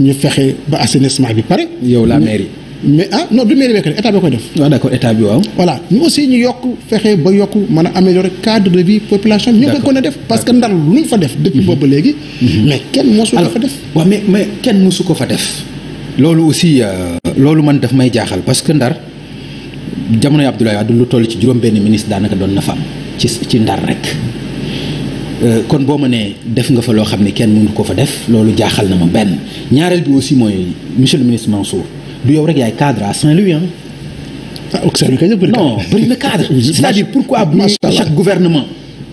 ñu fexe ba assainissement bi pare. yow la mairie. mais ah non du mairie bi état bi koy def. waaw ah, d'accord état bi waaw. voilà ñu aussi ñu yokk fexe ba yokk mën a améliorer cadre de vie population. ñu ngi ko a def parce que ndar lu ñu fa def. depuis mhm. boobu léegi. Mhm. mais kenn mosu ko fa def. waaw mais mais kenn mosu ko fa def. loolu aussi euh, loolu man daf may jaaxal parce que ndar jamonoy Abdoulaye Wade lu toll ci juróom-benn ministre daanaka doon na fa ci ci ndar rek. Euh, kon boo ma nee def nga fa loo xam ne kenn mënu ko fa def loolu jaaxal na ma benn ñaareel bi aussi mooy monsieur le ministre Mansour du yow rek yaay cadre a Saint-Louis hein ah Auxerre kay bëri non bëri na cadre c'est-à-dire pourquoi bu chaque gouvernement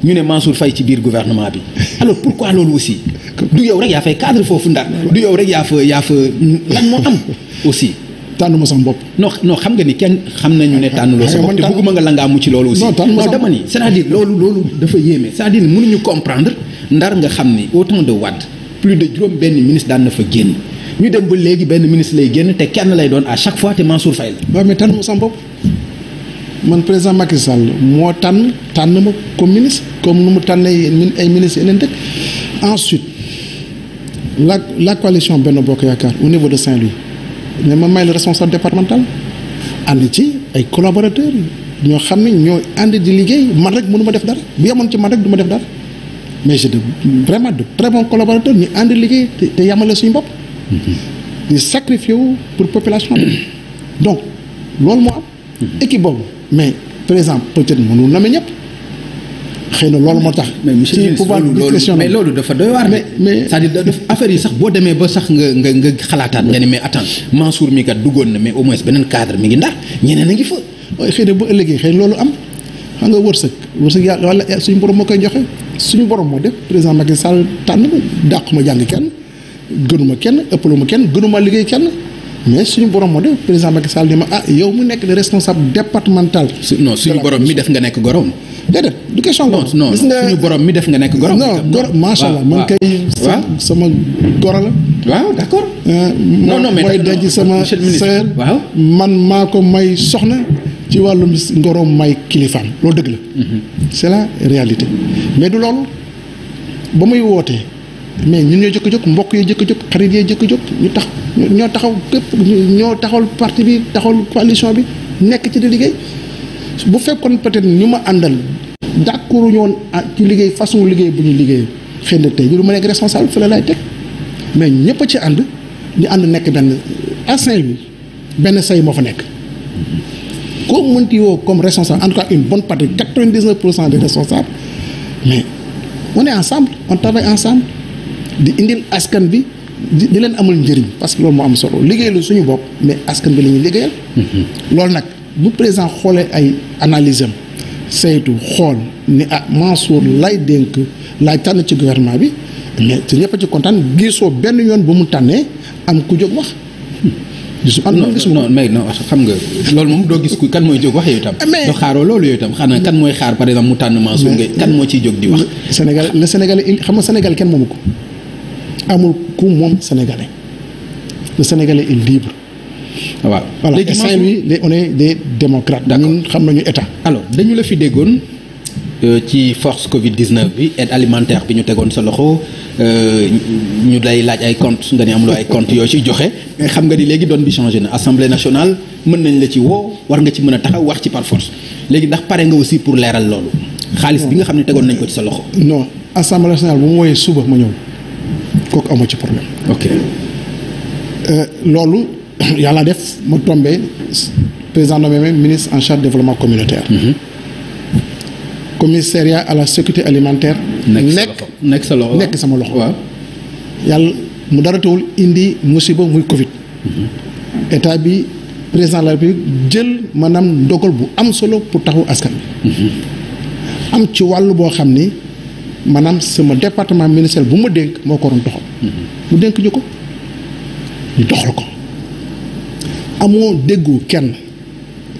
ñu ne Mansour Faye ci biir gouvernement bi alors pourquoi loolu aussi du yow rek yaa fay cadre foofu ndar du yow rek yaa fa yaa fa lan moo am aussi tànnuma sama bopp. non non xam nga ni kenn xam nañu ne tànnuloo ah, sa ah, bopp te bëgguma nga la ngaa mu ci loolu aussi. non tànnuma sama dama ni c'est-à-dire loolu loolu dafa yéeme c'est-à-dire mënuñu comprendre ndar nga xam ni au temps de Wade plus de juróom benn ministre daan na fa génn ñu dem ba léegi benn ministre lay génn te kenn lay doon à chaque fois te Mansour Faye la. waaw mais tànnuma sama bopp man président Macky Sall moo tànn tànn ma comme ministre comme nu mu tànnee ay ministres yeneen dëkk ensuite la la coalition Benno Bokk Yaakaar au niveau de Saint-Louis. mais ma may la responsable départemental ànd ci ay collaborateur ñoo xam ne ñoo ànd di liggéey man rek mënu ma def dara bu yemoon ci man rek duma def dara mais j'ai de vraiment de très bons collaborateurs ñu ànd liggéey te te yamale suñu bopp. Mm-hmm. di sacrifié wu pour population bi. donc loolu moo am. Mm-hmm. équipe boobu mais par exemple peut-être mënul nommer ñëpp. xëy na loolu moo tax. mais monsieur le ministre mais loolu dafa yi sax boo demee ba sax nga nga nga xalaataat nga ne mais attends Mansour mi kat duggoon na mais au moins beneen cadre mi ngi ndax ñeneen a ngi fa. waaye xëy na bu ëllëgee xëy na loolu am xam nga wërsëg wërsëg yàlla wala eh, suñu borom moo koy joxe suñu borom moo def président Macky saal tànn dàquma jàng kenn gënuma kenn ëppaluma kenn gënuma liggéey kenn. mais suñu borom moo def président Macky Sall ni ma ah yow mu nekk le responsable départemental. non suñu borom mi def nga nekk gorom. déedéet du question gorom. borom mi def nga nekk gorom. non gor macha allah man kay. waaw sama goro la. waaw d' accord. Euh, non non mais mooy sama sœur. man maa ko may soxna. ci wàllum ngorom may kilifaam loolu dëgg la. Mhm. c' la réalité mais du loolu ba muy wootee. mais ñun ñoo jëkk jóg mbokk yee jëkk jóg xarit jëkk jóg ñu tax ñoo taxaw képp ñoo taxawal parti bi taxawal coalition bi nekk ci di liggéey bu fekkoon peut-être ñu ma àndal d'accord ñoon ah, ci liggéey façon liggéey bu ñu liggéey xëy na tey ñu du ma nekk responsable fële laay teg mais ñëpp ci ànd ñu ànd nekk benn assain bi benn say moo fa nekk koo mënti woo comme responsable en tout cas une bonne partie quatre-vingt-dix-neuf pour cent des responsables mais on est ensemble on travaille di indil askan bi di leen amul njëriñ parce que loolu moo am solo liggéeyalu suñu bopp mais askan bi la ñuy liggéeyal. Mm-hmm. loolu nag bu président xoolee ay analyse am saytu xool ni ah Mansour lay dénk laay tànn ci gouvernement bi mais te ñëpp kontaan gisoo benn yoon bu mu tànnee am ku jóg wax. gis non mais non xam nga loolu moom doo gis ku kan mooy jóg wax yooyu tam. Ah, doo xaaroo loolu yooyu tam xanaa kan mooy xaar par mu tànn Mansour Gueye kan moo ciy jóg di wax. Sénégal le Sénégal xam ma Sénégal kenn moomu ko. amul ku moom sénégalais le sénégalais est libre. Ah waaw voilà léegi Saint-Louis on est des démocrates. ñun xam nañu état. alors dañu la fi déggoon euh, ci force Covid 19 bi aide alimentaire bi ñu tegoon sa loxo euh, ñu lay laaj ay compte nga ne amuloo ay compte yoo ci joxe mais xam nga di léegi doon bi changé na assemblée nationale mën nañ la ci woo war nga ci mën a taxaw wax ci par force léegi ndax pare nga aussi pour leeral loolu. xaalis bi nga xam ne tegoon nañ ko ci sa loxo. non assemblée nationale bu mu wooyee ma ñëw. kooku amoo ci problème. ok euh, loolu yàlla def ma tombé président nommé ministre en charge développement communautaire. Mhm. commissariat à la sécurité alimentaire. nekk nekk sa nekk sama loxo. yàlla mu dara teewul indi musiba muy Covid. Mhm. état bi président de la République jël maanaam ndogal bu am solo pour taxawu askan bi mhm. am ci wàll boo xam ni maanaam sama département ministériel bu ma dénk moo ko doon doxal. mu dénk ñu ko ñu doxal ko amoo déggu kenn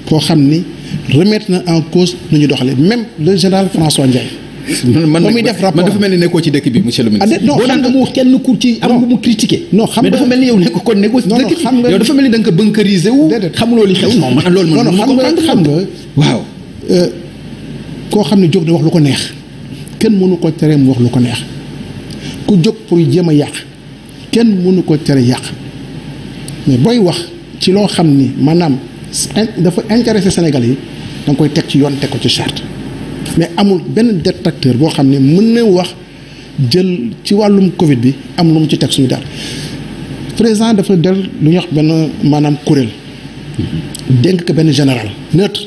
koo xam ni remettre na en cause nu ñu doxalee même le général François Ndiaye. man muy def rapport man dafa mel ni nekkoo ci dëkk bi monsieur le ministre. Ah, boo xam nga mu kenn ku ci am bu mu critiqué. non xam nga ni yow nekk kon nekk ci dëkk bi yow ni da nga ko bunkerisé wu. xamuloo li xew non man loolu man. non xam nga xam euh, koo xam ne jóg di wax lu ko neex kenn mënu ko tere mu wax lu ko neex. ku jóg pour jéem a yàq kenn mënu ko tere yàq mais booy wax ci loo xam ni maanaam dafa intéressé sénégal yi da koy teg ci yoon teg ko ci charte mais amul benn détracteur boo xam ne mën na wax jël ci wàllum Covid bi am lu mu ci teg suñu daal président dafa del lu ñuy wax benn maanaam kuréel dénk ko benn général neutre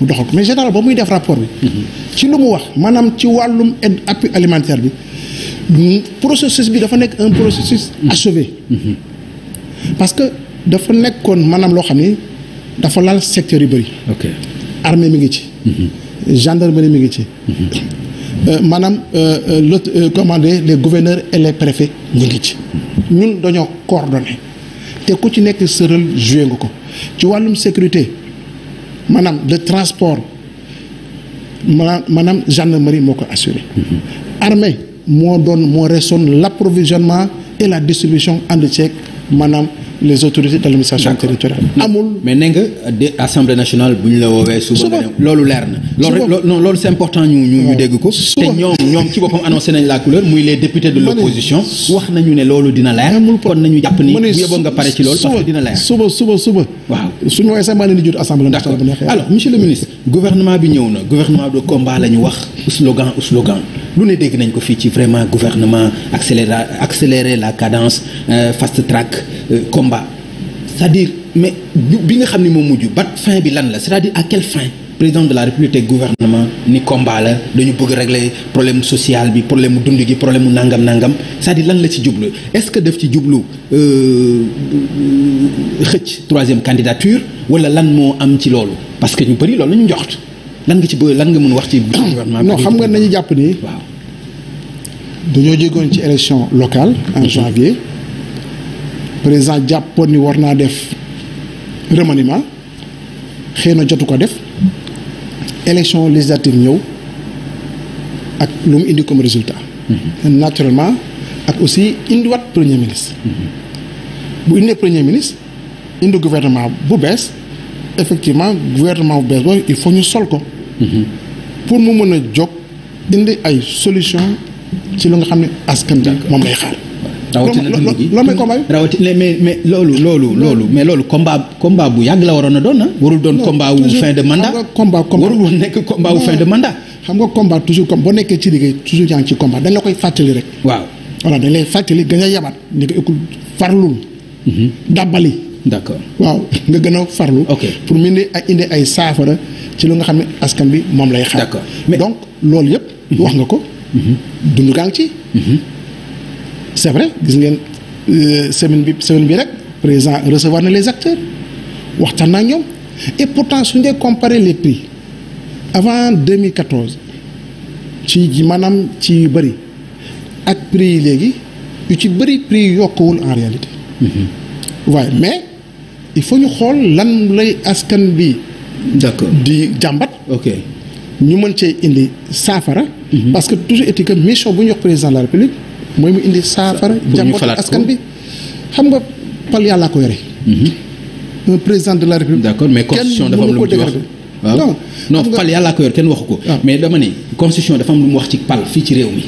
mu doxal ko mais général ba muy def rapport bi. Mm-hmm. ci lu mu wax maanaam ci wàllum aide appui alimentaire bi. processus bi dafa nekk un processus achevé parce que dafa nekkoon maanaam loo xam ni dafa laal secteur yu bëri armée mi ngi ci gendarmerie mi ngi ci euh, maanaam euh, euh, le commandé les gouverneurs et les préfets ñu ngi ci ñun dañoo coordonné te ku ci nekk sëral joué nga ko ci wàllum sécurité maanaam le transport maanaam gendarmerie moo ko assuré mhm. armée moo doon moo resoon l'approvisionnement et la distribution ànd ceeg maanaam les autorités de l'administration territoriale amul. mais nee assemblée nationale bu ñu la woowee. suba loolu leer na. loolu non loolu important ñu ñu dégg ko. te ñoom ñoom ci boppam annoncé nañ la couleur muy les députés de l'opposition wax nañu ne loolu dina leer. kon nañu jàpp ni bu yeboo nga pare ci loolu. suba suba suba. waaw suñu waxee sax maa leen di jot assemblée nationale. d'accord alors monsieur ministre gouvernement bi ñëw na gouvernement de combat la wax slogan slogan c'est-à-dire mais bi nga xam ne moo mujj bat fin bi lan la c'est-à-dire à fin président de la république gouvernement ni combat la dañu bëgg régler problème social bi problème mu dund gi problème mu nangam nangam cest dire lan la ci jublu est-ce que daf ci jublu euh, xëcc troisième candidature wala lan moo am ci loolu parce que ñu bëri loolu la ñu njoxt lan nga ci bëgg lan nga mën wax ci gouvernement non xam nga nañu jàpp ni waaw jégoon ci élection locale en mhm. janvier président jàppoon ni war naa def remaniement xëy na jotu ko def élection législative ñëw ak lu mu indi comme résultat. Mhm. naturellement ak aussi indiwaat premier ministre. Mhm. bu indee premier ministre indi gouvernement bu bees effectivement gouvernement bu bees boobu il faut ñu sol ko. Mhm. pour mu mën a jóg indi ay solution ci lu nga xam ne askan bi moom lay xaar. rawatina dund gi loo may combat rawatina mais mais loolu loolu loolu mais loolu bu yàgg la waroon a doon ah warul doon combat wu fin de mandat combat warul woon nekk combat wu fin de mandat xam nga combat boo nekkee ci liggéey ci combat dañ la koy fàttali rek waaw voilà dañ lay fàttali gën a yabaat ni ko école farlul mhm. dàbbali d'accord waaw nga gën a farlu pour mu indi ay indi ay saafara ci lu nga xam ne askan bi moom lay xaar d'accord donc loolu yëpp mhm. wax nga ko mhm. dund ci c'est vrai gis ngeen euh, semaine bi semaine bi rek président recevoir na les acteurs waxtaan na ñoom et pourtant su ngeen comparer les prix avant 2014 ci maanaam ci bëri ak prix yi léegi yu ci bëri prix yi yokkuwul en réalité. waaye mm-hmm. mais il faut ñu xool lan lay askan bi. d'accord di jàmbat. ok ñu man cee indi saafara. Mm-hmm. parce que toujours été que mission bu ñu jox président de la république. mooy mu indi saafara jàmbot askan bi xam nga pal yàllaa ko yore mhm. un président de la république d'accord mais ah. ah. constitution dafa am lu mu ci wax waaw non pal yàllaa ko yore mais dama ne constitution dafa am mu wax ci pal fii ci réew mi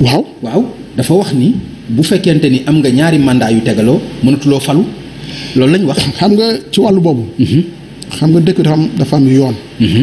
waaw waaw dafa wax ni bu fekkente ni am nga ñaari mandat yu tegaloo mënatuloo falu loolu lañ wax xam nga ci wàllu boobu mhm. xam nga dëkk dafa dafa am yoon mhm.